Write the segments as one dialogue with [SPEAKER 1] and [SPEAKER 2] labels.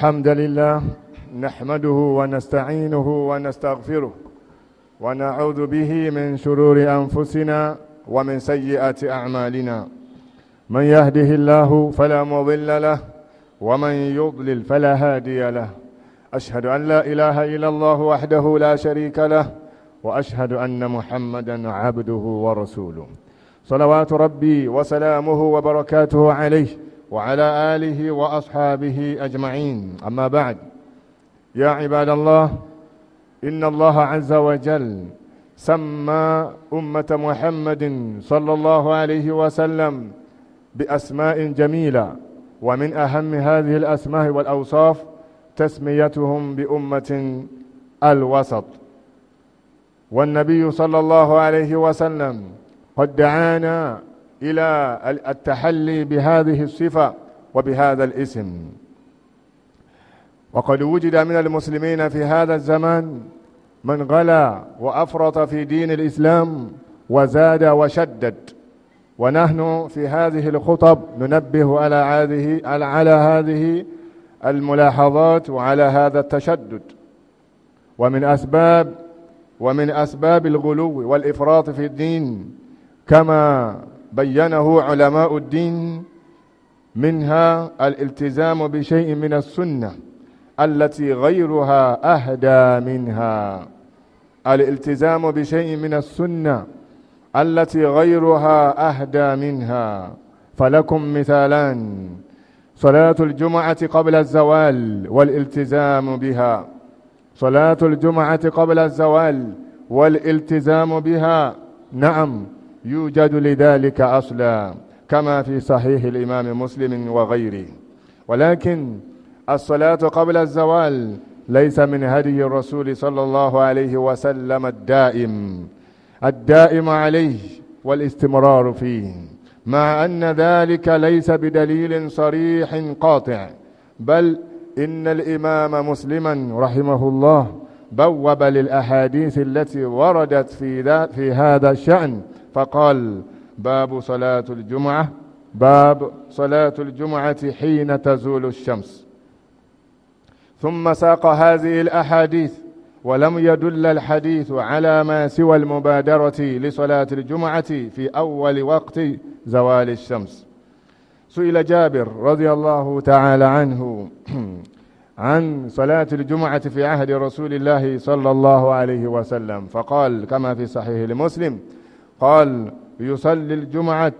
[SPEAKER 1] الحمد لله نحمده ونستعينه ونستغفره ونعوذ به من شرور أنفسنا ومن سيئات أعمالنا من يهده الله فلا مضل له ومن يضلل فلا هادي له أشهد أن لا إله إلا الله وحده لا شريك له وأشهد أن محمدا عبده ورسوله صلوات ربي وسلامه وبركاته عليه وعلى آله وأصحابه أجمعين أما بعد يا عباد الله إن الله عز وجل سمى أمة محمد صلى الله عليه وسلم بأسماء جميلة ومن أهم هذه الأسماء والأوصاف تسميتهم بأمة الوسط والنبي صلى الله عليه وسلم قد دعانا إلى التحلي بهذه الصفة وبهذا الاسم وقد وجد من المسلمين في هذا الزمان من غلا وأفرط في دين الإسلام وزاد وشدد ونحن في هذه الخطب ننبه على هذه على هذه الملاحظات وعلى هذا التشدد ومن أسباب ومن أسباب الغلو والإفراط في الدين كما بينه علماء الدين منها الالتزام بشيء من السنة التي غيرها أهدى منها الالتزام بشيء من السنة التي غيرها أهدى منها فلكم مثالان صلاة الجمعة قبل الزوال والالتزام بها صلاة الجمعة قبل الزوال والالتزام بها نعم يوجد لذلك أصلا كما في صحيح الإمام مسلم وغيره ولكن الصلاة قبل الزوال ليس من هدي الرسول صلى الله عليه وسلم الدائم الدائم عليه والاستمرار فيه مع أن ذلك ليس بدليل صريح قاطع بل إن الإمام مسلما رحمه الله بوب للأحاديث التي وردت في, في هذا الشأن فقال باب صلاة الجمعة باب صلاة الجمعة حين تزول الشمس ثم ساق هذه الأحاديث ولم يدل الحديث على ما سوى المبادرة لصلاة الجمعة في أول وقت زوال الشمس سئل جابر رضي الله تعالى عنه عن صلاة الجمعة في عهد رسول الله صلى الله عليه وسلم فقال كما في صحيح لمسلم قال يصلي الجمعة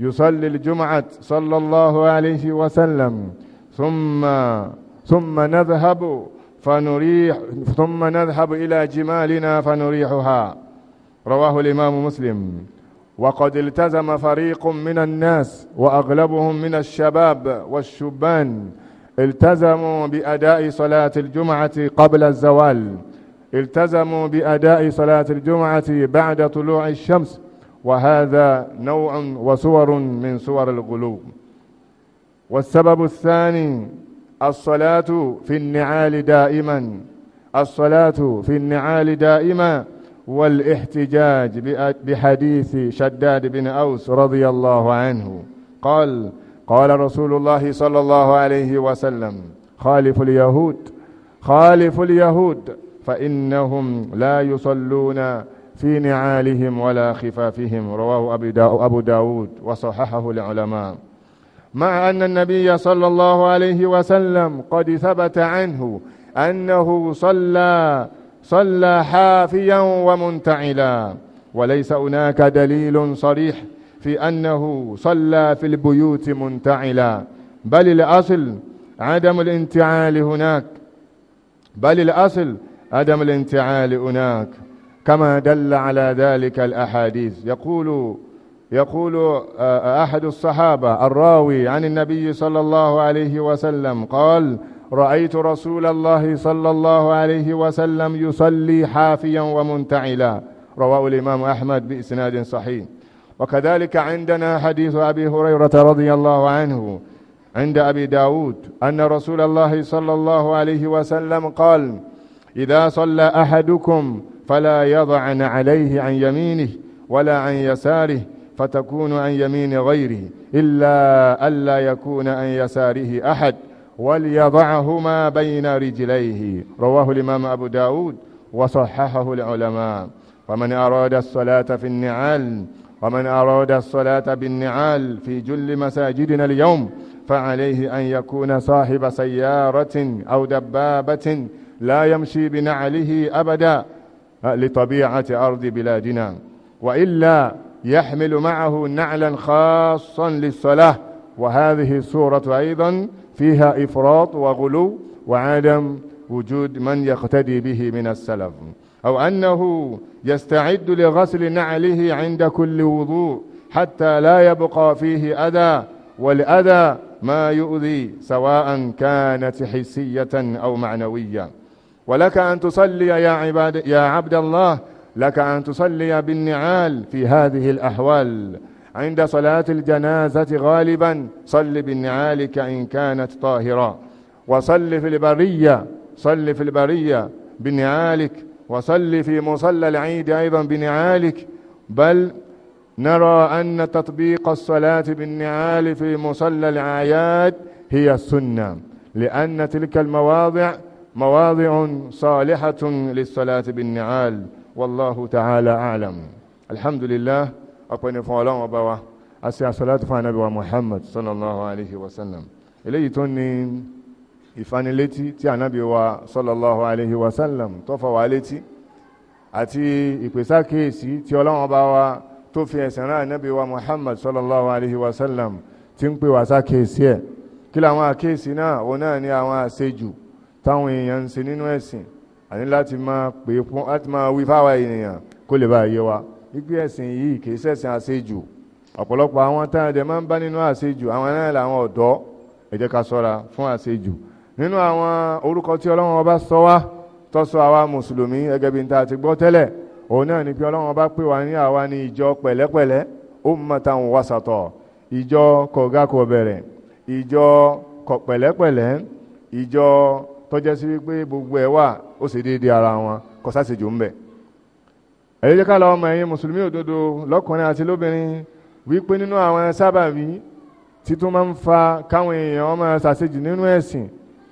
[SPEAKER 1] يصلي الجمعة صلى الله عليه وسلم ثم ثم نذهب فنريح ثم نذهب إلى جمالنا فنريحها رواه الإمام مسلم وقد التزم فريق من الناس وأغلبهم من الشباب والشبان التزموا بأداء صلاة الجمعة قبل الزوال التزموا بأداء صلاة الجمعة بعد طلوع الشمس وهذا نوع وصور من صور الغلو والسبب الثاني الصلاة في النعال دائما الصلاة في النعال دائما والاحتجاج بحديث شداد بن أوس رضي الله عنه قال قال رسول الله صلى الله عليه وسلم خالف اليهود خالف اليهود فإنهم لا يصلون في نعالهم ولا خفافهم رواه أبو داود وصححه العلماء مع أن النبي صلى الله عليه وسلم قد ثبت عنه أنه صلى صلى حافيا ومنتعلا وليس هناك دليل صريح في أنه صلى في البيوت منتعلا بل الأصل عدم الانتعال هناك بل الأصل عدم الانتعال هناك كما دل على ذلك الأحاديث يقول يقول آه، أحد الصحابة الراوي عن النبي صلى الله عليه وسلم قال رأيت رسول الله صلى الله عليه وسلم يصلي حافيا ومنتعلا رواه الإمام أحمد بإسناد صحيح وكذلك عندنا حديث أبي هريرة رضي الله عنه عند أبي داود أن رسول الله صلى الله عليه وسلم قال إذا صلى أحدكم فلا يضعن عليه عن يمينه ولا عن يساره فتكون عن يمين غيره إلا ألا يكون عن يساره أحد وليضعهما بين رجليه رواه الإمام أبو داود وصححه العلماء فمن أراد الصلاة في النعال ومن أراد الصلاة بالنعال في جل مساجدنا اليوم فعليه أن يكون صاحب سيارة أو دبابة لا يمشي بنعله أبدا لطبيعة أرض بلادنا وإلا يحمل معه نعلا خاصا للصلاة وهذه السورة أيضا فيها إفراط وغلو وعدم وجود من يقتدي به من السلف أو أنه يستعد لغسل نعله عند كل وضوء حتى لا يبقى فيه أذى والأذى ما يؤذي سواء كانت حسية أو معنوية ولك أن تصلي يا, عباد يا عبد الله لك أن تصلي بالنعال في هذه الأحوال عند صلاة الجنازة غالبا صل بالنعالك إن كانت طاهرة وصل في البرية صل في البرية بنعالك وصل في مصلى العيد أيضا بنعالك بل نرى أن تطبيق الصلاة بالنعال في مصلى العياد هي السنة لأن تلك المواضع مواضع صالحة للصلاة بالنعال والله تعالى أعلم الحمد لله أقني فعلان وبوا أسيا صلاة فانا محمد صلى الله عليه وسلم إليه تنين ìfanilétí tí ànábì wa sallallahu alaihi wasallam tó fà wá létí àti ìpèsákèèsí tí ọlọ́run bá wa tó fi ẹ̀sìn rán ànábì wa muhammad sallallahu alaihi wasallam tí ń pè wá sákèèsí ẹ̀ kí làwọn àkèèsí náà òun náà ní àwọn àṣejù táwọn èèyàn ń ṣe nínú ẹ̀sìn àní láti máa pè fún láti máa wí fáwa ènìyàn kó lè bá yé wa wípé ẹ̀sìn yìí kì í ṣẹ̀sìn àṣejù ọ̀pọ̀lọpọ̀ àwọn táwọn ẹ̀dẹ̀ máa ń bá nínú àṣejù àwọn náà làwọn ọ̀dọ́ ẹ ká ṣọ́ra fún àṣejù nínú àwọn orúkọ tí ọlọ́run ọba sọ wá tó sọ àwa mùsùlùmí gẹ́gẹ́ bí n ta ti gbọ́ tẹ́lẹ̀ òun náà ni pé ọlọ́run ọba pè wá ní àwa ní ìjọ pẹ̀lẹ́pẹ̀lẹ́ ummatan wasatọ̀ ìjọ kọ̀gákọ̀bẹ̀rẹ̀ ìjọ pẹ̀lẹ́pẹ̀lẹ́ ìjọ tọ́jẹ́ sí wípé gbogbo ẹ̀ wà ó sì déédéé ara wọn kò sásìjò ń bẹ̀. ẹ jẹ́ ká lọ ọmọ ẹ̀yin mùsùlùmí òdodo lọ́kùnrin àti lóbìnrin wípé nínú àwọn sábàbí títún máa ń fa káwọn èèyàn máa ṣàṣejù nínú ẹ̀sìn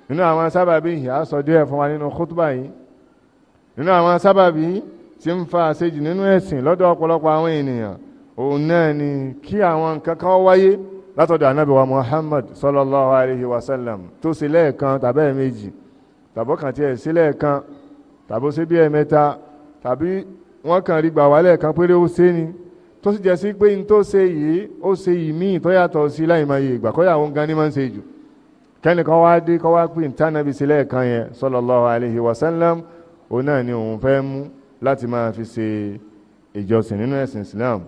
[SPEAKER 1] nínú àwọn sábàbí yìí a sọ díẹ̀ fún wa nínú kútùbà yìí nínú àwọn sábàbí tí ń fa àṣejì nínú ẹ̀sìn lọ́dọ̀ ọ̀pọ̀lọpọ̀ àwọn ènìyàn òun náà ni kí àwọn nǹkan kan wáyé látọ̀dọ̀ anábì wa Muhammad sallallahu alayhi wa sallam tó ṣe lẹ́ẹ̀kan tàbẹ́ méjì tàbọ́kàn tiẹ̀ sí lẹ́ẹ̀kan tàbó ṣe bí ẹ̀mẹ́ta tàbí wọ́n kàn rí gbà wá lẹ́ẹ̀kan péré ó ṣe ni tó sì jẹ́ sí pé n tó ṣe yìí ó ṣe yìí míì tó yàtọ̀ sí láì máa yè ìgbà kọ́yà òun gan ni máa ń ṣe jù kẹ́ni kan wá dé kọ́ wá pè ní tánàbí sílẹ̀ kan yẹn sallallahu alaihi wasallam òun náà ni òun fẹ́ mú láti máa fi ṣe ìjọsìn nínú ẹ̀sìn Islam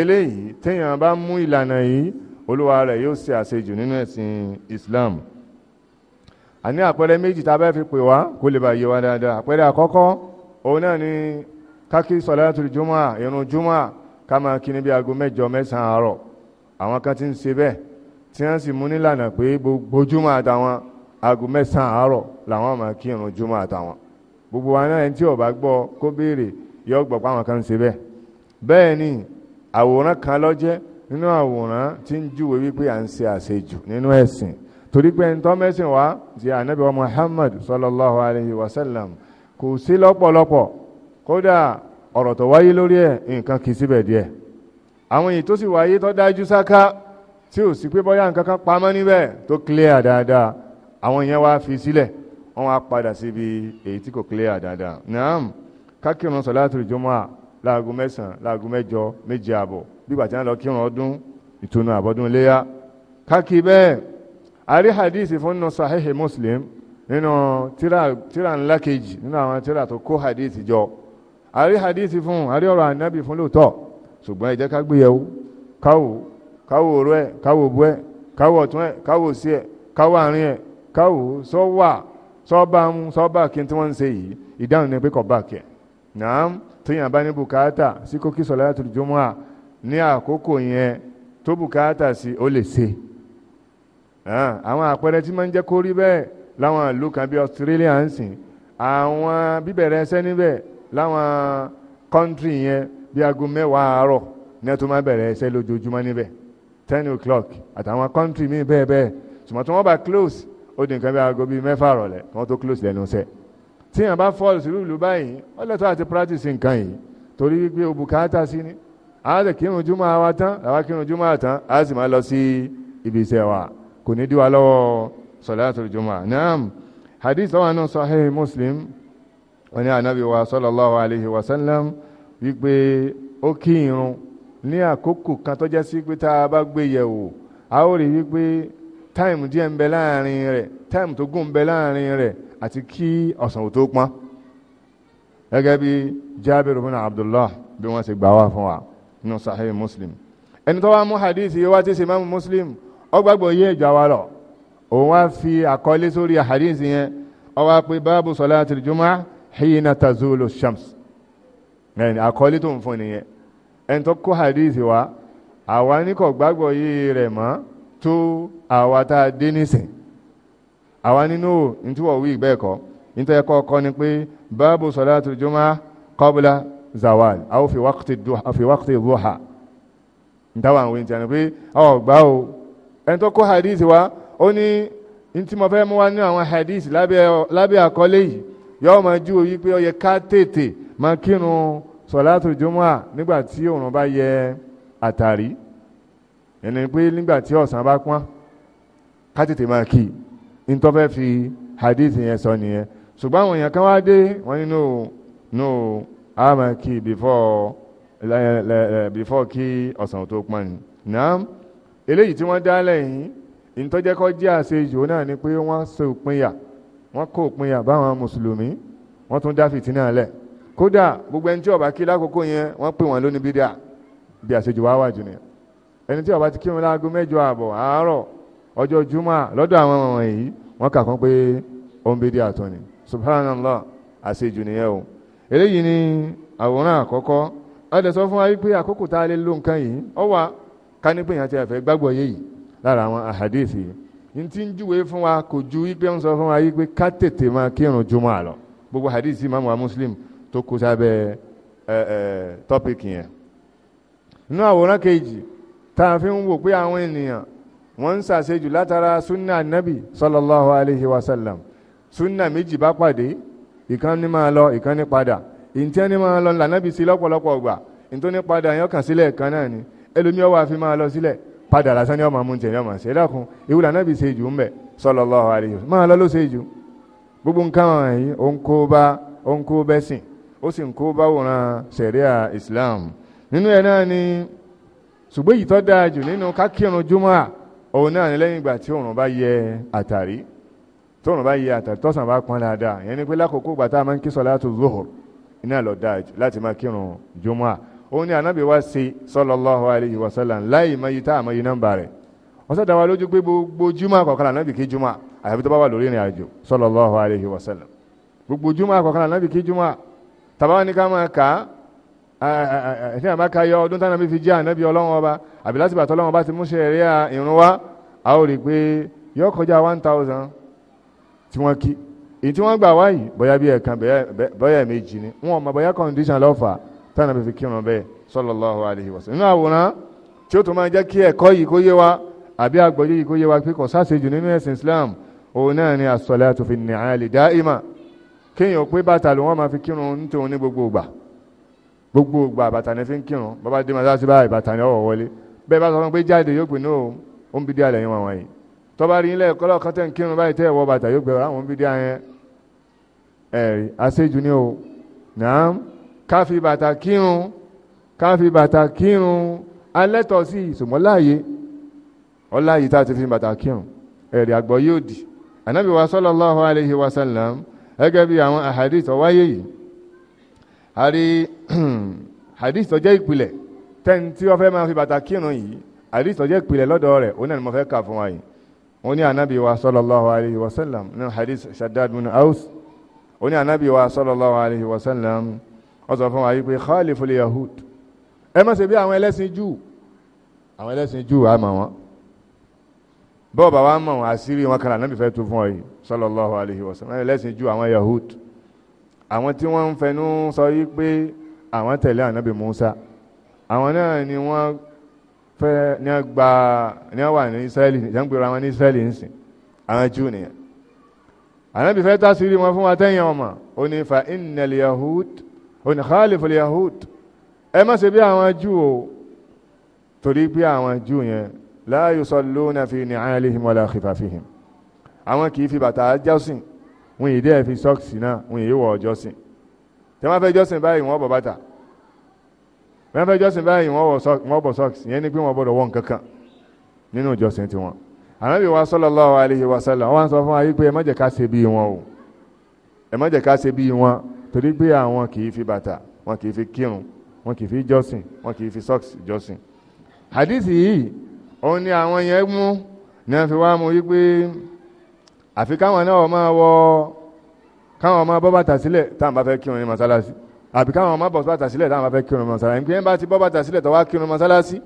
[SPEAKER 1] eléyìí téèyàn bá mú ìlànà yìí olúwa rẹ̀ yóò ṣe àṣejù nínú ẹ̀sìn Islam àní àpẹẹrẹ méjì tá a bá fi pè wá kó lè bá yé wa dáadáa àpẹẹrẹ àkọ́kọ́ òun náà ni kákí sọ̀látùl jùmọ̀ ìrun jùmọ̀ ká máa kí ní bí aago mẹ́jọ mẹ́sàn-án àárọ̀ àwọn kan ti ń ṣe bẹ́ẹ̀ tí wọ́n sì mú nílànà pé gbogbo júmọ̀ àtàwọn aago mẹ́sàn-án àárọ̀ làwọn máa kírun júmọ̀ àtàwọn gbogbo wa náà ẹni tí ó bá gbọ́ kó béèrè yọ gbọ́ pé àwọn kan ń ṣe bẹ́ẹ̀ bẹ́ẹ̀ ni àwòrán kan ló jẹ́ nínú àwòrán tí ń júwe wípé à ń ṣe àṣejù nínú ẹ̀sìn torí pé ẹni tó mẹ́sìn wá ti ànábì wa Muhammad sallallahu alayhi wa sallam kò sí lọ́pọ̀lọpọ̀ kódà ọ̀rọ̀ tó wáyé lórí ẹ̀ nǹkan kì í síbẹ̀ díẹ̀ àwọn èyí tó sì wáyé tó dájú sáká tí ò sí pé bóyá nǹkan kan pamọ́ níbẹ̀ tó clear dáadáa àwọn yẹn wá fi sílẹ̀ wọ́n wá padà síbi èyí tí kò clear dáadáa naam kákìrún sọ̀látùl jumu'a láago mẹ́sàn-án láago mẹ́jọ méje àbọ̀ bígbà tí wọ́n lọ kírun ọdún ìtùnú àbọ̀dún léyà kákì bẹ́ẹ̀ àrí hadisi fún nù sahihi muslim nínú tíra tíra ńlá kejì nínú àwọn tíra tó kó hadisi jọ àrí hadisi fún àrí ọ̀rọ̀ ànábì fún lóòótọ́ ṣùgbọ́n ẹ jẹ́ ká gbéyẹ̀wò káwò káwò ọ̀rọ̀ ẹ̀ káwò òbú ẹ̀ káwò ọ̀tún ẹ̀ káwò òsì ẹ̀ káwò àárín ẹ̀ káwò sọ́wà sọ́ba ń sọ́ba kí n tí wọ́n ń ṣe yìí ìdáhùn ni pé kò bá kẹ̀ náà téèyàn bá ní bùkátà sí kókí sọ̀látul jumu'a ní àkókò yẹn tó bùkátà sí ó lè ṣe àwọn àpẹẹrẹ tí máa ń jẹ́ kó rí bẹ́ẹ̀ láwọn ìlú kan bíi Australia ń sìn àwọn bíbẹ̀rẹ̀ ẹsẹ̀ níbẹ̀ láwọn kọ́ńtì yẹn bíi aago mẹ́wàá àárọ̀ ní ẹ tó máa bẹ̀rẹ̀ ẹsẹ̀ lójoojúmọ́ níbẹ̀ ten o'clock àtàwọn country míì bẹ́ẹ̀ bẹ́ẹ̀ ṣùgbọ́n tí wọ́n bá close ó di nǹkan bí aago bíi mẹ́fà rọ̀lẹ́ kí wọ́n tó close lẹ́nu iṣẹ́ tí yàn bá fall sí lùlù báyìí ó lẹ́tọ́ àti practice nǹkan yìí torí wípé o bùkátà sí ni a lè kírun júmọ́ wa tán àwa kírun júmọ́ tán a sì máa lọ sí ibi iṣẹ́ wa kò ní dí wa lọ́wọ́ salatul juma naam hadith tó wà nínú sahih muslim wọn ni anabi wa sallallahu alayhi wa sallam wípé ó kí irun ní àkókò kan tó jẹ́ sí pé tá a bá gbé yẹ̀wò a ó rí wípé táìmù díẹ̀ ń bẹ láàrin rẹ̀ táìmù tó gùn ń bẹ láàrin rẹ̀ àti kí ọ̀sán ò tó pọ́n gẹ́gẹ́ bí Jabir bin Abdullah bí wọ́n ṣe gbà wá fún wa nínú Sahih Muslim ẹni tó wá mú hadith yìí wá ti ṣe máàmù Muslim ó yé ìjà wa lọ òun wá fi àkọlé sórí hadith yẹn ó pé báàbù salatil jumu'ah hina tazulu shams àkọlé tó ń fún nìyẹn ẹni tó kó hadith wa àwa ní kò gbàgbọ́ yé rẹ̀ mọ́ tó àwa tá a dé nísìn àwa nínú ntúwọ̀ wí bẹ́ẹ̀ kọ́ nítorí ẹ̀kọ́ kọ́ ni pé báàbù salatul juma qabla zawal aw fi waqti duha fi waqti duha ntàwọn àwọn ènìyàn ni pé ọ̀ gbà o ẹni tó kó hadith wa ó ní ntí mo fẹ́ mú wá ní àwọn hadith lábẹ́ àkọlé yìí yọ́ọ́ máa ju òyìnbó ó yẹ ká tètè máa kírun sọ̀látù jùmọ́à nígbà tí òòrùn bá yẹ àtàrí ẹni pé nígbà tí ọ̀sán bá pọ́n ká tètè máa kì í ní tó fẹ́ fi hadith yẹn sọ nìyẹn ṣùgbọ́n àwọn èèyàn kan wá dé wọ́n ní no no a máa kì í before before kí ọ̀sán tó pọ́n ni náà eléyìí tí wọ́n dá lẹ́yìn ìtọ́jẹ́kọ́ jẹ́ àṣejù náà ni pé wọ́n ṣe òpinya wọ́n kó òpinya báwọn mùsùlùmí wọ́n tún dá fìtínà lẹ̀ kódà gbogbo ẹni tí ó bá kí lákòókò yẹn wọ́n pè wọ́n lónìí bídíà bí àṣejù wá wà jù nìyẹn ẹni tí ó bá ti kírun láago mẹ́jọ àbọ̀ àárọ̀ ọjọ́ juma lọ́dọ̀ àwọn ọmọ yìí wọ́n kà kán pé òun bídíà tó ni subhanallah àṣejù nìyẹn o eléyìí ni àwòrán àkọ́kọ́ ọdẹ sọ fún wa wípé àkókò tá a lè lo nǹkan yìí ọ wà ká ní pé yẹn yé yìí lára àwọn àhàdíìsì yìí ní ti ń júwèé fún wa kò ju wípé ń sọ fún wa wípé ká tètè máa kírun juma lọ gbogbo àhàdíìsì máa wa muslim tó kó sábẹ́ tọ́pìkì yẹn inú àwòrán kejì tá a fi ń wò pé àwọn ènìyàn wọ́n ń ṣàṣejù látara sunna nabi sallallahu alayhi wa sallam sunna méjì bá pàdé ìkan ní máa lọ ìkan ní padà ìntẹ́ ní máa lọ lànàbí sí lọ́pọ̀lọpọ̀ ọgbà ìntó ní padà yẹn kàn sílẹ̀ kan náà ni ẹlòmí ó wá fi máa lọ sílẹ̀ padà lásán ní ọmọ amúntẹ̀ ní ọmọ ṣe dákun ìwú lànàbí ṣe ń bẹ̀ sallallahu alayhi wa sallam máa lọ ló ṣe jù gbogbo nǹkan wọ̀nyí ó ń kó bá ó ń kó bẹ́sìn ó sì ń kó báwòrán sẹ̀ríà Islam nínú ẹ̀ náà ni ṣùgbọ́n èyí tó dáa jù nínú kákírun júmọ́ òun náà ni lẹ́yìn ìgbà tí òòrùn bá yẹ àtàrí tóòrùn bá yẹ àtàrí tọ́sán bá pọn dáadáa ìyẹn ni pé lákòókò ìgbà tá a máa ń kí sọ̀látù zuhur iná lọ dáa jù láti máa kírun júmọ́ òun ni ànábì wa ṣe sallallahu alayhi wa sallam láì mọ iye tá a mọ iye nọ́mbà rẹ̀ wọ́n sọ̀dá wa lójú pé gbogbo júmọ́ kọ̀ọ̀kan ànábì kí júmọ́ àyàfi tó bá wà lórí ìrìn àjò sallallahu alayhi wa sallam gbogbo júmọ́ kọ̀ọ̀kan ànábì kí júmọ́ tàbá ní ká máa kà á ẹ̀sìn àbáka yọ ọdún tánà bí fi jẹ́ ànábì ọlọ́run ọba àbí láti bàtọ́ ọlọ́run ọba ti mú ṣẹ̀ríà ìrun wá a ó rí i pé yọ kọjá one thousand tí wọ́n kí èyí tí wọ́n gbà wá yìí bóyá bí ẹ̀kan bóyá méjì ni wọn ò mọ̀ bóyá condition lọ́fà tánà bí fi kírun bẹ́ẹ̀ sallallahu alaihi wasallam nínú àwòrán tí ó tún máa jẹ́ kí ẹ̀kọ́ yìí kó yé wa àbí àgbọ́yé yìí kó yé wa pé kò sáṣejù nínú ẹ̀sìn Islam òun náà ni as-salatu fin ni'ali da'ima kéèyàn pé bàtà ló wọ́n máa fi kírun nítorí ní gbogbo ìgbà gbogbo ìgbà bàtà ni fi ń kírun bàbá dé màá sí báyìí bàtà ni ọ̀wọ̀ wọlé bẹ́ẹ̀ bá sọ fún pé jáde yóò pè náà ó ń bí dí àlẹ́ yín wọ̀nyí tọ́ba rí ilé ẹ̀kọ́ lọ́kàn tẹ̀ ń kírun báyìí tẹ́ ẹ̀wọ́ bàtà yóò gbé ọ̀rọ̀ ah, àwọn ń bí dí àyẹn ẹ̀rí àṣejù ni o nàám káfí bàtà kírun káfí bàtà kírun alẹ́tọ̀ sí ìsùnmọ́ láàyè tá a ti fi bàtà kírun ẹ̀rí àgbọ̀ yóò dì ànábì wa gẹ́gẹ́ bí àwọn ahadith ọwáyé yìí a rí hadith tó jẹ́ ìpìlẹ̀ tẹ́ni tí wọ́n fẹ́ máa fi bàtà kírun yìí hadith tó jẹ́ ìpìlẹ̀ lọ́dọ̀ rẹ̀ òun náà ni mo fẹ́ kà fún wa yìí òun ni anabi wa sallallahu alayhi wa sallam nínú hadith shaddad bin aus òun ni anabi wa sallallahu alayhi wa sallam wọ́n sọ fún wa yìí pé khalifu yahud ẹ má ṣe bí àwọn ẹlẹ́sìn jù àwọn ẹlẹ́sìn jù àmà wọn bọ́ọ̀ bá wa mọ̀ wọn àṣírí wọn kàrà nábì fẹ́ tu fún ọ yìí sallallahu alaihi wasallam ẹlẹ́sìn ju àwọn yahud àwọn tí wọ́n ń fẹnu sọ yìí pé àwọn tẹ̀lé ànábì Musa àwọn náà ni wọ́n fẹ́ ní gba ní wà ní Israẹli ìjàngbèrò àwọn ní Israẹli ń sìn àwọn Júù nìyẹn ànábì fẹ́ àṣírí wọn fún wa tẹ́yìn ọmọ ó ní fa innal yahud ó ní khalifu yahud ẹ má ṣe bí àwọn Júù o torí bí àwọn Júù yẹn la yusalluna fi ni'alihim wala khifafihim àwọn kì í fi bàtà jọ́sìn wọn yìí dẹ́ fi sọ́ọ̀sì náà wọn yìí wọ̀ jọ́sìn tẹ́ wọ́n fẹ́ jọ́sìn báyìí wọ́n bọ̀ bàtà wọ́n fẹ́ jọ́sìn báyìí wọ́n bọ̀ sọ́ọ̀sì yẹn ni pé wọ́n gbọ́dọ̀ wọ̀ nǹkankan nínú jọ́sìn tiwọn ànábì wa sallallahu alayhi wa sallam wọ́n sọ fún wa yìí pé ẹ má jẹ́ ká ṣe bí wọn o ẹ má jẹ́ ká ṣe bí wọn torí pé àwọn kì í fi bàtà wọn kì í fi kírun wọn kì í fi jọ́sìn wọn kì í fi sọ́ọ̀sì jọ́sìn hadith yìí òun ni àwọn yẹn mú ní wọ́n fi wá mú wípé àfi káwọn náà máa wọ káwọn ọmọ bọ́ bàtà sílẹ̀ táwọn bá fẹ́ kírun ní mọ́sálásí àbí káwọn ọmọ bọ́ bàtà sílẹ̀ táwọn bá fẹ́ kírun ní mọ́sálásí nígbà yẹn bá ti bọ́ bàtà sílẹ̀ tó wá kírun ní mọ́sálásí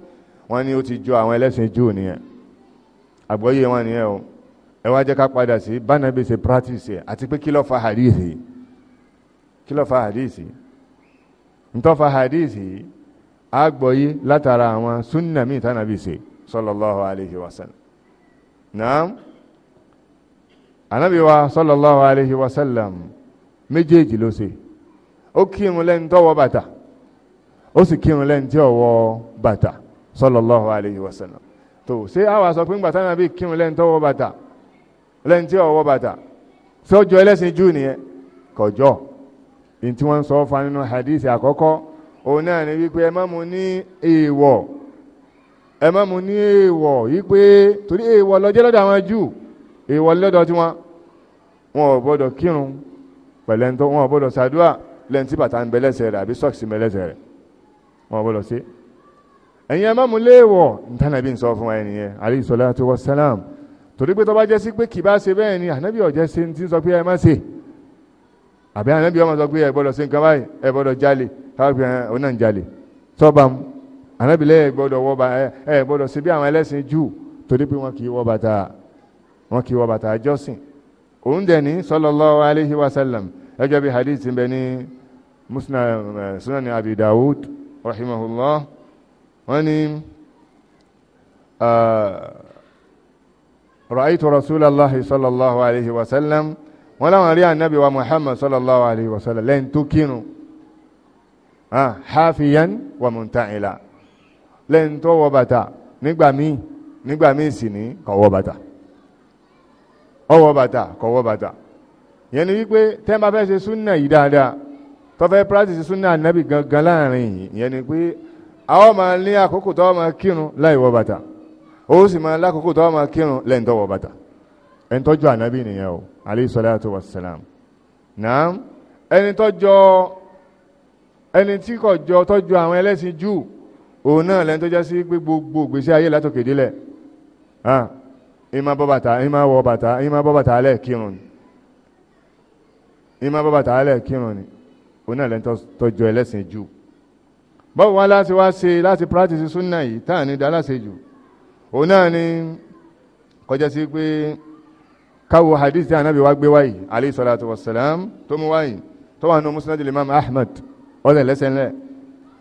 [SPEAKER 1] wọ́n ní ó ti jọ àwọn ẹlẹ́sìn Júù nìyẹn àgbọ́yé wọn nìyẹn o ẹ wá jẹ́ ká padà sí bánabi ṣe practice ẹ̀ àti pé kí fa hadithi kí fa hadithi ntọ́ fa hadithi àgbọ́yé látara àwọn sunna míì tánàbí ṣe sallallahu alayhi wa sallam naam anabi wa sallallahu alayhi wa sallam méjèèjì ló ṣe ó kírun lẹ́ni tó wọ bàtà ó sì kírun lẹ́ni tí ò wọ bàtà sallallahu alayhi wa sallam tó ṣé àwa sọ pé ńgbà táwọn àbí kírun lẹ́ni tó wọ bàtà lẹ́ni tí ò wọ bàtà sọ́jọ́ ẹlẹ́sìn jù nìyẹn kọjọ́ ní tí sọ fún wa hadith àkọ́kọ́ òun náà ni wípé ẹ má mu ní èèwọ̀ ẹ má mú ní èèwọ̀ yìí pé torí èèwọ̀ lọ́jẹ́ lọ́dọ̀ àwọn jù èèwọ̀ lọ́dọ̀ tí wọ́n wọn ò gbọ́dọ̀ kírun pẹ̀lẹ́ntọ́ wọn ò gbọ́dọ̀ ṣàdúrà lẹ́yìn tí bàtà ń bẹ lẹ́sẹ̀ rẹ̀ àbí sọ́ọ̀kì ń bẹ lẹ́sẹ̀ rẹ̀ wọn ò gbọ́dọ̀ ṣe. ẹ̀yin ẹ má mú léèwọ̀ ntànàbí ń sọ fún wa ẹ̀ nìyẹn alayhi salatu wa salam torí pé tó bá anábìlẹ̀ gbọ́dọ̀ wọ bàtà ẹ gbọ́dọ̀ ṣe bí àwọn ẹlẹ́sìn jù torí pé wọn kì í wọ bàtà wọn kì í wọ bàtà jọ́sìn òun dẹ̀ ní sallallahu alayhi wa sallam ẹjọ́ bí hadith ń bẹ ní musnad sunan abi dawud rahimahullah wọ́n ní ah, ra'aytu rasulallahi sallallahu alayhi wa sallam wọ́n láwọn rí ànábì wa muhammad sallallahu alayhi wa sallam lẹ́yìn tó kírun ah, hafiyan wa munta'ila lẹ́yìn tó wọ bàtà nígbà míì nígbà míì sì ní kò wọ bàtà ó wọ bàtà kò wọ bàtà yẹn ni wípé tẹ́ bá fẹ́ ṣe súnà yìí dáadáa tó fẹ́ practice súnà ànábì gangan láàrin yìí yẹn ni pé àwọn máa ní àkókò tó máa kírun láì wọ bàtà ó sì máa lákòókò tó máa kírun lẹ́yìn tó wọ bàtà ẹni tọ́jú ànábì nìyẹn o alayhi salatu wasalam. náà ẹni tọ́jọ́ ẹni tí kò jọ tọ́jú àwọn ẹlẹ́sìn Júù òun náà lẹ́nu tó já sí pé gbogbo ìgbésí ayé látòkè délẹ̀ ìmọ̀ bọ́ bàtà ìmọ̀ wọ bàtà ìmọ̀ bọ́ bàtà alẹ́ kírun ni ìmọ̀ bọ́ bàtà alẹ́ kírun ni òun náà lẹ́nu tọ́jọ́ ẹlẹ́sìn jù báwo wá láti wá ṣe láti practice súnà yìí tá à ní dá láṣẹ jù òun náà ni kọjá sí pé káwo hadith tí anabi wa gbé wáyìí alayhi salatu wa salam tó mú wáyìí tó wà nù musnad al-imam ahmed ọ̀dẹ̀ lẹ́sẹ̀ ńlẹ̀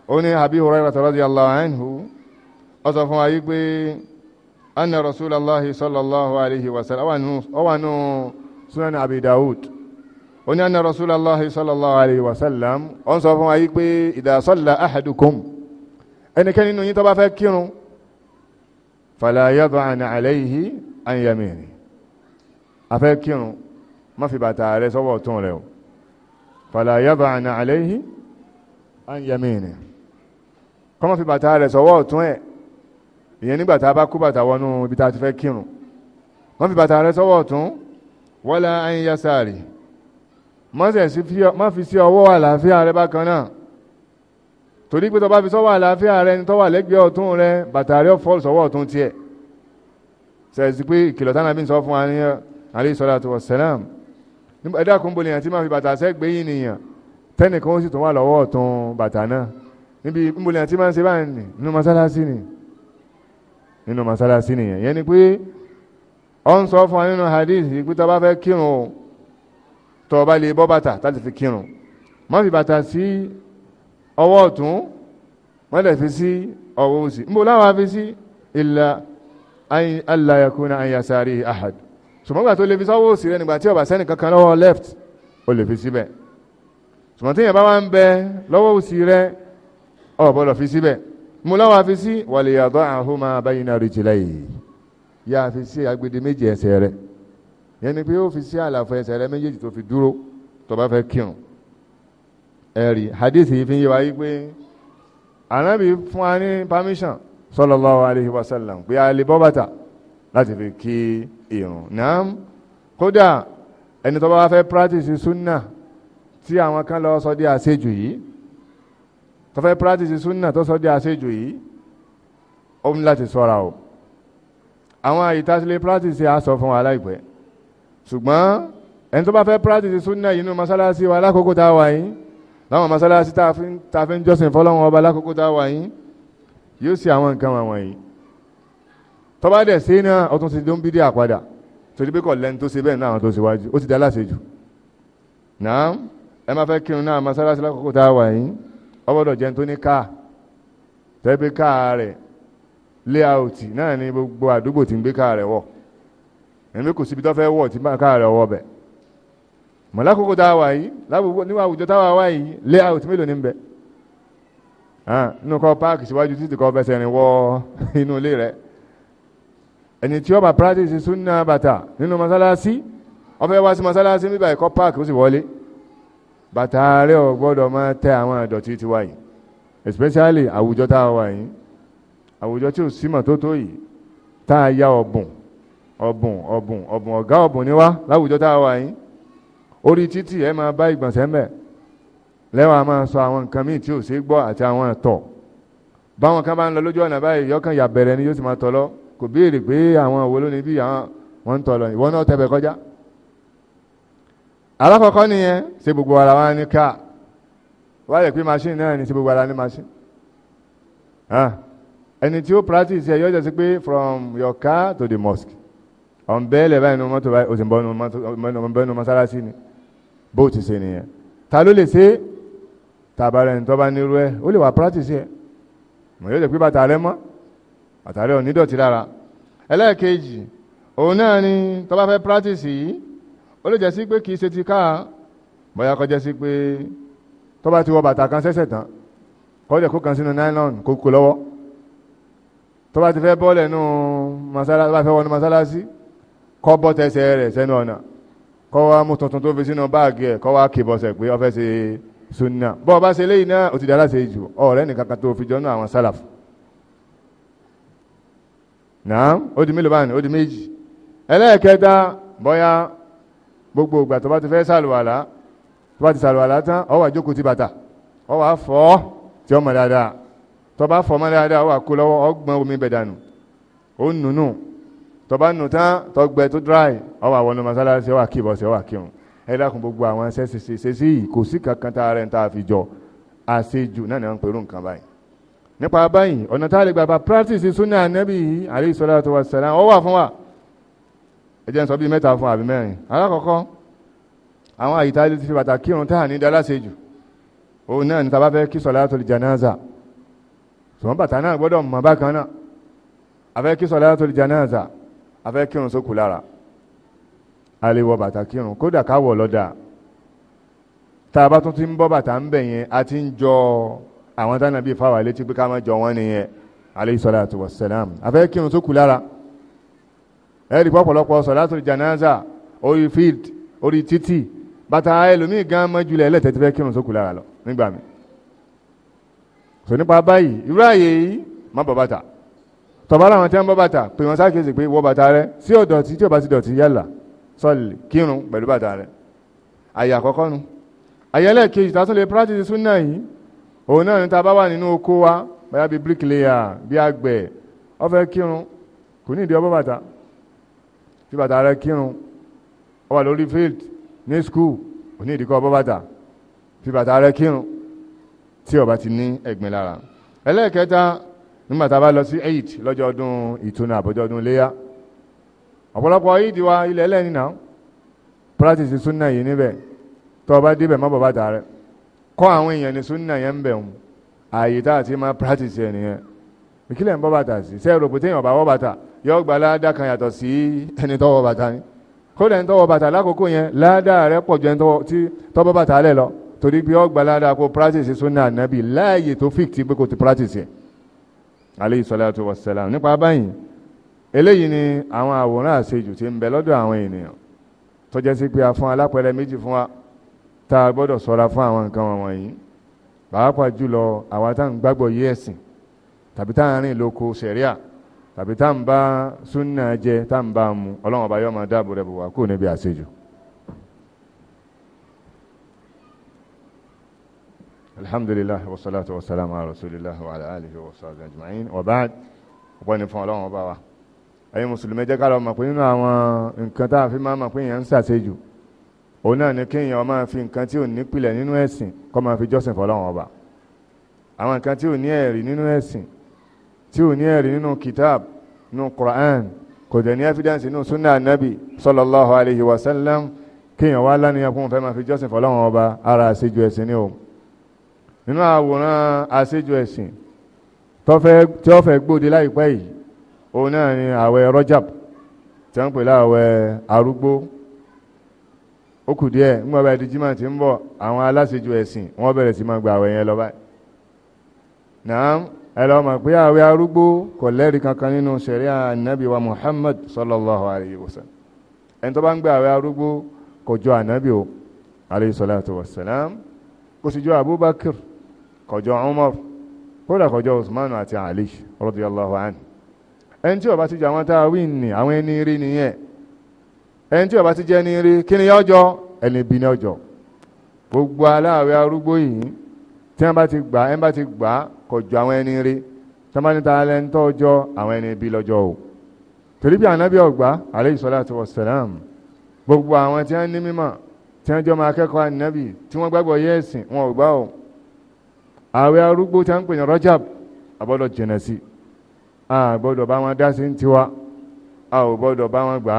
[SPEAKER 1] ó ní Abi Hurairah radiyallahu anhu ó sọ fún wa yí pé anna rasulallahi sallallahu alayhi wa sallam ó wà nù sunan Abi Dawud ó ní anna rasulallahi sallallahu alayhi wa sallam ó sọ fún wa yí pé idha salla ahadukum ẹnikẹ́ni nínú yín tó bá fẹ́ kírun fala yad'an alayhi an yamini afẹ́ kírun má fi bàtà rẹ̀ sọ́wọ́ ọ̀tún rẹ̀ o fala yad'an alayhi an yamini kọ́mọ́ fi bàtà rẹ̀ sọ́wọ́ ọ̀tún ẹ̀ ìyẹn nígbà tá a bá kó bàtà wọnú ibi tá a ti fẹ́ kírun wọ́n fi bàtà rẹ̀ sọ́wọ́ ọ̀tún wọ́lá ayin yasaari má fi sí ọwọ́ àlàáfíà rẹ̀ bákan náà torí pé tó bá fi sọ́wọ́ àlàáfíà rẹ̀ ní tó wà ọ̀tún rẹ̀ bàtà rẹ̀ fọ́ sọ́wọ́ ọ̀tún tiẹ̀ sẹ̀sì pé ìkìlọ̀ tánà bí n sọ fún wa ní alẹ́ ìsọ̀rọ̀ àti wọ̀sẹ̀lám ẹ̀dá kúńbọ̀lì yẹn tí má fi bàtà sẹ́gbẹ̀ẹ́ yìí nìyẹn tẹ́nìkan ó sì tún wà lọ́wọ́ ọ̀tún bàtà náà níbi mbọlẹ̀ àti máa ń ṣe báyìí nì nínú masalasi nì nínú masalasi nìyẹn yẹn ni pé ọ ń sọ fún wa nínú hadith yìí pé tó bá fẹ́ kírun o tó bá lè bọ́ bàtà láti fi kírun má fi bàtà sí ọwọ́ ọ̀tún má lè fi sí ọwọ́ òsì mbọ láwa fi sí illa alla yakuna yasari ahad ṣùgbọ́n gbà tó lè fi sọ́wọ́ òsì rẹ nígbà tí ó bá kankan lọ́wọ́ left ó lè fi síbẹ̀ ṣùgbọ́n tí yẹn bá wá ń bẹ lọ́wọ́ òsì rẹ ọ̀bọ̀lọ̀ fi síbẹ̀ mú lọ́wọ́ fi sí wàlìyàdọ́ àhùmá bayna rijlayhi yá fi sí agbede méjì ẹsẹ̀ rẹ̀ yẹn ni pé ó fi sí àlàfo ẹsẹ̀ rẹ̀ méjèèjì tó fi dúró tó bá fẹ́ kírun ẹ̀rí hadith yìí fi ń yé wa yí pé ànábì fún wa ní permission sallallahu alayhi wa sallam pé a lè bọ́ bàtà láti fi kí irun náà kódà ẹni tó bá fẹ́ practice sunna tí àwọn kan lọ sọ di àṣejù yìí tó fẹ́ practice sunna tó sọ di àṣejù yìí ó ní láti sọ́ra o àwọn àyítasílẹ̀ practice á sọ fún wa láìpẹ́ ṣùgbọ́n ẹni tó bá fẹ́ practice sunna yìí nínú masalasi wa alákòókò tá a wà yín láwọn masalasi tá a fi ń jọ́sìn fọlọ́wọn ọba alákòókò tá a wà yín yóò ṣe àwọn nǹkan àwọn yìí tó bá dẹ̀ ṣe náà ọtún ti dún bídí àpadà torí pé kò lẹ́ni tó ṣe bẹ́ẹ̀ náà àwọn tó ṣe wájú ó ti dá láṣejù náà ẹ má fẹ́ kírun náà masalasi lákòókò tá a wà yín ọgbọ́dọ̀ jẹun tó ní káà tẹ́gbé káà rẹ̀ layout náà ni gbogbo àdúgbò tí ń gbé káà rẹ̀ wọ̀ èmi kò síbi tó fẹ́ wọ̀ tí káà rẹ̀ wọ̀ bẹ̀ mọ̀ lákòókò tá a wà yìí lábùkù níwà àwùjọ tá a wà yìí layout mélòó ní bẹ̀ nínú kọ́ páàkì síwájú títí kọ́ fẹsẹ̀ rìn wọ inú ilé rẹ̀ ẹni tí ó practice sunna bàtà nínú masalasi ó fẹ́ wá sí masalasi bíbá ẹ̀kọ́ páàkì ó sì wọlé bàtà rẹ ò gbọ́dọ̀ máa tẹ àwọn àdọ̀tí ti wáyìí especially àwùjọ tá a wà yìí àwùjọ tí ò símọ̀ tó tó yìí tá a ya ọ̀bùn ọ̀bùn ọ̀bùn ọ̀bùn ọ̀gá ọ̀bùn ni wá láwùjọ tá a wà yìí orí títì ẹ máa bá ìgbọ̀nsẹ̀ ń bẹ̀ lẹ́wọ̀n a máa sọ àwọn nǹkan míì tí ò sí gbọ́ àti àwọn ẹ̀tọ́ báwọn kan bá ń lọ lójú ọ̀nà báyìí yọkàn yà bẹ̀rẹ̀ ni yóò sì máa tọ̀ lọ kò béèrè pé àwọn òwe lónìí bí àwọn wọn ń tọ̀ lọ ìwọ náà tẹ̀bẹ̀ kọjá alákọ̀ọ́kọ́ nìyẹn ṣe gbogbo ara wa ní káà wá lè pé machine náà ní ṣe gbogbo ara ní machine ẹni tí ó practice ẹ yọ jẹ́ sí pé from your car to the mosque ọ̀nbẹ́ẹ̀lẹ̀ báyìí nínú mọ́tò báyìí òsìnbọ́nù mọ́sálásí ni bó ti ṣe nìyẹn ta ló lè ṣe tàbàrẹ̀ ní tọ́ba nírú ẹ ó lè wà practice ẹ mọ̀ yóò jẹ́ pé bàtà rẹ mọ́ bàtà rẹ ò ní dọ̀tí lára ẹlẹ́ẹ̀kejì òun náà ni tọ́ba fẹ́ practice yìí ó lè jẹ́ sí pé kì í ṣe ti ká bóyá kó jẹ́ sí pé tó bá ti wọ bàtà kan sẹ́sẹ̀ tán kó jẹ́ kó kan sínú nylon kó kó lọ́wọ́ tó bá ti fẹ́ bọ́ọ̀lẹ̀ nù mọ́sálásí bá fẹ́ wọnú mọ́sálásí kó bọ́ tẹsẹ̀ rẹ̀ sẹ́nu ọ̀nà kó wá mú tuntun tó fi sínú báàgì ẹ̀ kó wá kì bọ́sẹ̀ pé ó fẹ́ ṣe sunna bọ́ ọ bá ṣe léyìn náà ó ti dára ṣe jù ọ̀rẹ́ nìkan kan tó fi jọ́nú àwọn sálàfù náà ó di mélòó báyìí ó di méjì ẹlẹ́ẹ̀kẹta bọ́yá gbogbo ìgbà tó bá ti fẹ́ sàlùwàlá tó bá ti sàlùwàlá tán ó wá jókòó ti bàtà ó wá fọ̀ tí ó mọ́ dáadáa tó bá fọ̀ mọ́ dáadáa ó wá kó lọ́wọ́ ó gbọ̀n omi bẹ̀ dànù ó nùnú tó bá nù tán tó gbẹ tó dry ó wá wọnú masalasi ó wá kí ìbọ̀sẹ̀ ó wá kírun ẹ dákun gbogbo àwọn ẹsẹ̀ ṣèṣe yìí kò sí kankan tá a rẹ̀ ń tá a àṣejù náà ni wọ́n ń pẹ̀lú nǹkan báyìí nípa báyìí ọ̀nà tá a lè gbà bá practice sunnah anabi alayhi salatu wa salam ó wà fún wa ẹ jẹ́ n sọ bíi mẹ́ta fún àbí mẹ́rin alákọ̀ọ́kọ́ àwọn àyíká ti fi bàtà kírun táà ní dáláṣejù òun náà ní tàbá fẹ́ kí sọ̀látùl janaza ṣùgbọ́n bàtà náà gbọ́dọ̀ mọ̀ bákan náà afẹ́ kí sọ̀látùl janaza afẹ́ kírun sókù lára a lè wọ bàtà kírun kódà ká wọ̀ tá a bá tún ti ń bọ́ bàtà ń bẹ̀ yẹn a ti ń jọ àwọn tánàbí fáwọn létí pé ká má jọ wọ́n nìyẹn alayhi salatu wassalam afẹ́ kírun sókù lára ẹ̀rí pọ̀pọ̀lọpọ̀ sọ̀látùl janaza orí field orí títì bàtà ẹlòmíì gan mọ́júlẹ̀ ẹlẹ́tẹ̀ tí fẹ́ kírun sókù lára lọ nígbà mi. sọ nípa báyìí irú àyè yìí má bọ́ bàtà tọ̀bá làwọn tí wọ́n bọ́ bàtà pé wọ́n sákèsì pé wọ́ bàtà rẹ sí ọ̀dọ̀tí tí ò bá ti dọ̀tí yálà sọ̀lì kírun pẹ̀lú bàtà rẹ. àyè àkọ́kọ́ nu àyè ẹlẹ́ẹ̀kejì tá a tún lè practice súnà yìí òun náà wa bóyá bíi bricklayer bíi àgbẹ̀ ó fẹ́ kírun kò ní fi bàtà rẹ kírun ó wà lórí field ní school òní ìdíkọ́ bọ́ bàtà fi bàtà rẹ kírun tí ó bá ti ní ẹ̀gbin lára ẹlẹ́ẹ̀kẹta nígbà tá a bá lọ sí eid lọ́jọ́ ọdún ìtúnu àbọ̀jọ́ ọdún léyà ọ̀pọ̀lọpọ̀ eid wa ilẹ̀ ẹlẹ́ni náà practice sunna yìí níbẹ̀ tó o bá débẹ̀ má bọ̀ bàtà rẹ kọ́ àwọn èèyàn ní sunna yẹn ń bẹ̀ wọn ààyè tá a ti máa practice ẹ̀ nìyẹn ìkílẹ̀ ń bọ́ bàtà sí sẹ́ẹ̀ rògbòtẹ́yìn ọ̀bà wọ́ bàtà yóò gba ládàá kan yàtọ̀ sí ẹni tọ́wọ́ bàtà ni kódà ẹni tọ́wọ́ bàtà lákòókò yẹn ládàá rẹ̀ pọ̀ ju ẹni tọ́wọ́ bàtà lẹ̀ lọ torí pé yóò gba ládàá kó practice sunna anabi láàyè tó fìtì pé kò ti practice yẹ aleyhi salatu wa salam nípa báyìí eléyìí ni àwọn àwòrán àṣejù ti ń bẹ lọ́dọ̀ àwọn ènìyàn tó jẹ́ sí pé a fún alápẹ̀rẹ̀ méjì fún wa tá a gbọ́dọ̀ ṣọ́ra fún àwọn nǹkan wọ̀nyí pàápàá jùlọ àwa tá à gbàgbọ́ yé ẹ̀sìn tàbí tá à lóko sẹ̀ríà tàbí tá n bá súnà jẹ tá n bá mu ọlọ́run ọba yóò máa dáàbò rẹ̀ bò wá kó níbi àṣejù. alhamdulilah wasalaatu wasalaamu ala rasulillah wa ala alihi wa sallam, ajma'in wa ba'd ọ̀pọ̀ ní fún ọlọ́run ọba wa. ẹ̀yin mùsùlùmí jẹ́ ká lọ mọ̀ pé nínú àwọn nǹkan tá a fi máa mọ̀ pé èèyàn ń ṣàṣejù òun náà ni kéèyàn máa fi nǹkan tí ò nípìlẹ̀ nínú ẹ̀sìn kó máa fi jọ́sìn fọlọ́run ọba àwọn nǹkan tí ò ní ẹ̀rí nínú ẹ̀sìn tí ò ní ẹ̀rí nínú kitab nínú Quran kò dẹ̀ ní evidence nínú sunna anabi sallallahu alayhi wa sallam kéèyàn wá lánìyàn kún fẹ́ máa fi jọ́sìn fọlọ́wọn ọba ara àṣejù ẹ̀sìn ni o nínú àwòrán àṣejù ẹ̀sìn tí ó fẹ́ gbòde láìpẹ́ yìí òun náà ni àwẹ̀ Rajab tí wọ́n ń pè láwẹ̀ arúgbó ó kù díẹ̀ nígbà bá ìdíjímà ti ń bọ̀ àwọn aláṣejù ẹ̀sìn wọ́n bẹ̀rẹ̀ sí máa gba àwẹ̀ yẹn lọ báyìí ẹ lọ mọ̀ pé àwẹ̀ arúgbó kò lẹ́rìí kankan nínú sẹ̀ríà ànábì wa Muhammad sallallahu alayhi wa sallam ẹni tó bá ń gbé àwẹ̀ arúgbó kò jọ ànábì o alayhi salatu wa salam kò sì jọ Abubakar kò jọ Umar kódà kò jọ Usman àti Ali radiyallahu anhu ẹni tí ó bá ti jọ àwọn tá a wí ni àwọn ẹni rí nìyẹn ẹni tí ó bá ti jẹ́ ẹni rí kí ni yọjọ ẹni bí ni ọjọ gbogbo aláàwẹ̀ arúgbó yìí tí wọ́n bá ti gbà ẹ́ bá ti gbà kọjú àwọn ẹni rí tọ́mánítà alẹ́ńtọ́ ọjọ́ àwọn ẹni bí lọ́jọ́ o torí bí ànábì ọ̀gbá alayhi salatu wassalam gbogbo àwọn tí wọ́n ní mímọ̀ tí wọ́n jọ máa kẹ́kọ̀ọ́ ànábì tí wọ́n gbàgbọ́ yé ẹ̀sìn wọn ò gbà o ààwẹ̀ arúgbó tí wọ́n ń pè ní Rajab a gbọ́dọ̀ jìnà sí a gbọ́dọ̀ bá wọn dá sí ń tiwa a ò gbọ́dọ̀ bá wọn gbà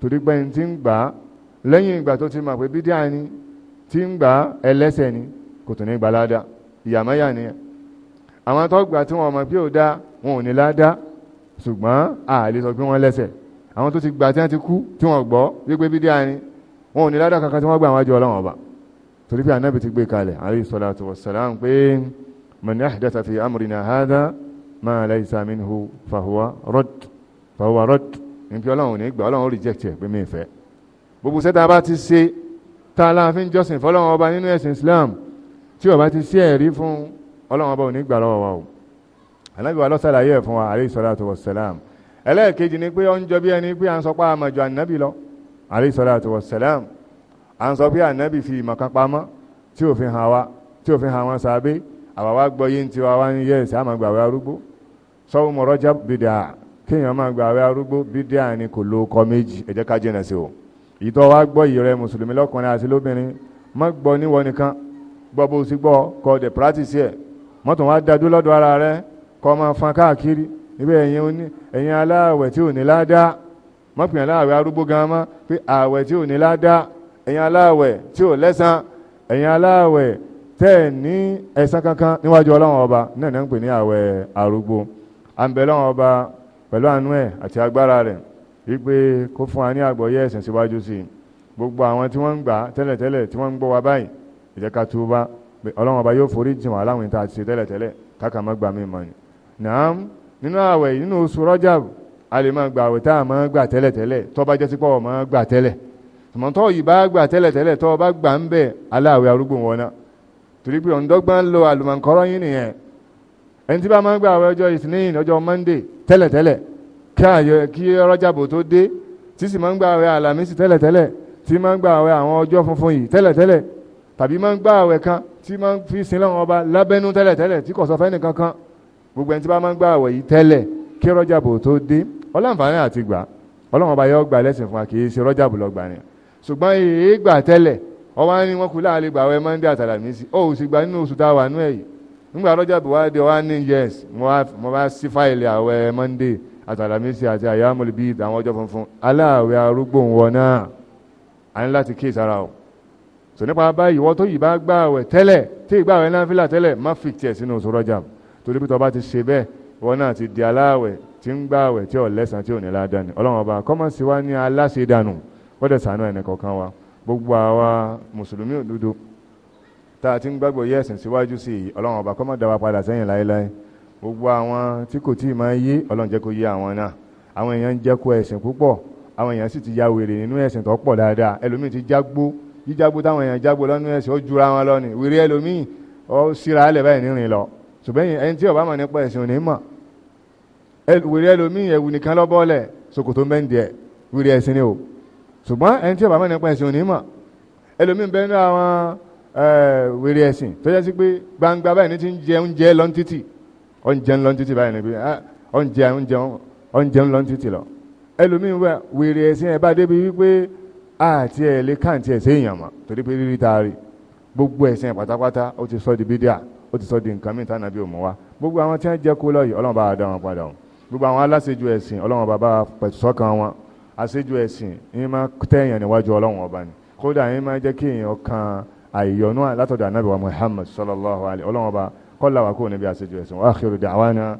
[SPEAKER 1] torí pé ẹni ń gbà lẹ́yìn ìgbà tó ti mọ̀ pé bídíà ni tí ń gbà ẹlẹ́sẹ̀ ni kò tó ní gbalada ìyàmáyà nìyẹn àwọn tọ́gbà tí wọ́n mọ̀ pé ó dá wọn ò ní ládá ṣùgbọ́n a lè sọ pé wọ́n lẹ́sẹ̀ àwọn tó ti gbà tí wọ́n ti kú tí wọ́n gbọ́ wípé bídíà ni wọn ò ní ládá kankan tí wọ́n gbà wájú Ọlọ́run ọba torí pé anábì ti gbé kalẹ̀ alayhi salatu wassalam pé man ahdatha fi amrina hadha ma laysa minhu fahuwa rad fahuwa rad níbi Ọlọ́run ò ní gbà Ọlọ́run ó pé mi fẹ́ gbogbo sẹ́ta bá ti ṣe tá a láàfin jọ́sìn fọlọ́run ọba nínú ẹ̀sìn Islam tí ó bá ti sí ẹ̀rí fún ọlọ́run ọba òní gbà wa o anábì wa ló ṣàlàyé ẹ̀ fún wa alayhi salatu wassalam ẹlẹ́ẹ̀kejì ni pé ó jọ bí ẹni pé à ń sọ pé àmọ̀ ànábì lọ alayhi salatu wassalam à ń sọ pé ànábì fi ìmọ̀ kan pamọ́ tí ò hàn wa tí ò fi hàn wọn sàbẹ́ àwa wá gbọ́ yín tiwa wá ní yẹ́ẹ̀sì àmọ̀ gbàwé arúgbó sọ́wọ́ Rajab bídà kéèyàn máa gbàwé arúgbó bídà ni kò gbọ́ bó o sì gbọ́ kọ́ ọ̀dẹ̀ practice ẹ̀ mọ́tò wọn á dájú lọ́dọ̀ ara rẹ kọ́ máa fan káàkiri níbẹ̀ ẹ̀yin oní ẹ̀yin aláàwẹ̀ tí ò ní ládàá mọ́pìyàn aláàwẹ̀ arúgbó gan mọ́ pé ààwẹ̀ tí ò ní ládàá ẹ̀yin aláàwẹ̀ tí ò lẹ́sàn ẹ̀yin aláàwẹ̀ tẹ́ ẹ̀ ní ẹ̀san kankan níwájú ọlọ́run ọba náà náà ń pè ní ààwẹ̀ arúgbó àǹbẹ̀lọ́run ọba pẹ̀lú àánú ẹ̀ àti agbára rẹ̀ wípé kó fún wa ní àgbọ́yé ẹ̀sìn síwájú sí gbogbo àwọn tí wọ́n ń gbà tẹ́lẹ̀tẹ́lẹ̀ tí wọ́n ń gbọ́ wa báyìí ìjẹ́ ká túbá ọlọ́run ọba yóò forí jìn wá láwọn ìta àti tẹ́lẹ̀ tẹ́lẹ̀ káka má gbà mí mọ́ ni. nàám nínú àwẹ̀ nínú oṣù Rajab a lè máa gbà àwẹ̀ tá a máa gbà tẹ́lẹ̀ tẹ́lẹ̀ tó bá jẹ́ sí pọ̀ máa gbà tẹ́lẹ̀ tòmọ́tọ́ yìí bá gbà tẹ́lẹ̀ tẹ́lẹ̀ tó bá gbà ń bẹ̀ aláàwẹ̀ arúgbó wọn náà torí pé ọ̀ǹdọ́gbọ́n lo àlùmọ̀ǹkọ́rọ́ yín nìyẹn ẹni tí bá máa gbà àwẹ̀ ọjọ́ ìsìn tàbí máa ń gbà àwẹ̀ kan tí máa ń fi sin lọ́wọ́ ọba lábẹ́nú tẹ́lẹ̀ tẹ́lẹ̀ tí kò sọ fẹ́ nìkan kan gbogbo ẹni tí bá máa ń gbà àwẹ̀ yìí tẹ́lẹ̀ kí rọ́jàbò tó dé ọlọ́nfààní àti gbà ọlọ́wọ́n ọba yóò gbà lẹ́sìn fún wa kì í ṣe rọ́jàbò lọ́gbà ni ṣùgbọ́n èé gbà tẹ́lẹ̀ ọwọ́ ni wọ́n kú láàlẹ́ gbà àwẹ̀ Monday àtàlàmísì ó sì gbà nínú oṣù táwa yes mo bá sí fáìlì àwẹ̀ Monday àtàlàmísì àti àyàmùlùbí àwọn ọjọ́ funfun aláàwẹ̀ arúgbó ń wọ náà à ń láti kíyèsára o so nípa báyìí wọ́n tó yìí bá gbààwẹ̀ tẹ́lẹ̀ tí ìgbààwẹ̀ náfìlà tẹ́lẹ̀ má fi tiẹ̀ sínú oṣù Rajab torí bí tó bá ti ṣe bẹ́ẹ̀ wọ́n náà ti di aláàwẹ̀ tí ń gbààwẹ̀ tí ò lẹ́sàn tí ò ní ládàáni ọlọ́run ọba kọ́mọ̀ sí wa ní aláṣẹ dànù wọ́n dẹ̀ sànú ẹnì kọ̀ọ̀kan wa gbogbo àwa mùsùlùmí òdodo tá a ti ń gbàgbọ́ yẹ ẹ̀sìn síwájú sí i ọlọ́run ọba kọ́mọ̀ wa padà sẹ́yìn láéláé gbogbo àwọn tí kò tí ì máa yé ti ya wèrè nínú ẹ̀sìn tó pọ̀ dáadáa ẹlòmíì ti jágbó jíjagbo táwọn èèyàn jágbo lọ́nu ẹ̀sìn ó jura wọn lọ ni wíri ẹlòmíì ó síra alẹ́ báyìí nírìn lọ ṣùgbọ́n ẹni tí ó bá mọ̀ nípa ẹ̀sìn òní mọ̀ wíri ẹlòmíì ẹ̀wù nìkan lọ́bọ̀ọ́lẹ̀ ṣòkòtò mẹ́ndì ẹ̀ wíri ẹ̀sìn ni o ṣùgbọ́n ẹni tí ó bá mọ̀ nípa ẹ̀sìn òní mọ̀ ẹlòmíì bẹ́ẹ̀ ní àwọn wíri ẹ̀sìn tó yẹ sí pé gbangba báyìí ní ti ń jẹ oúnjẹ lọ́n títì oúnjẹ lọ́n títì báyìí níbi ah, oúnjẹ oúnjẹ lọ́n títì lọ ẹlòmíì wíri ẹ̀sìn ẹ̀ bá àti ẹ̀ lè káàntì ẹ̀ séèyàn mọ̀ torí pé rírí tá a rí gbogbo ẹ̀sìn pátápátá ó ti sọ di bídíà ó ti sọ di nǹkan mìíràn tánàbí ò mú wa gbogbo àwọn tí wọ́n jẹ́ kó lọ́yìí ọlọ́run bá wa dá wọn padà wọn gbogbo àwọn aláṣejù ẹ̀sìn ọlọ́run bá bá pẹ̀tù sọ́kàn wọn àṣejù ẹ̀sìn yín máa tẹ̀yàn níwájú ọlọ́run ọba ni kódà yín máa jẹ́ kí èèyàn kan àìyọnú látọ̀dọ̀ anábì wa Muhammad sallallahu alayhi ọlọ́run ọba kọ́lá wa kó níbi àṣejù ẹ̀sìn wa akhiru da'wana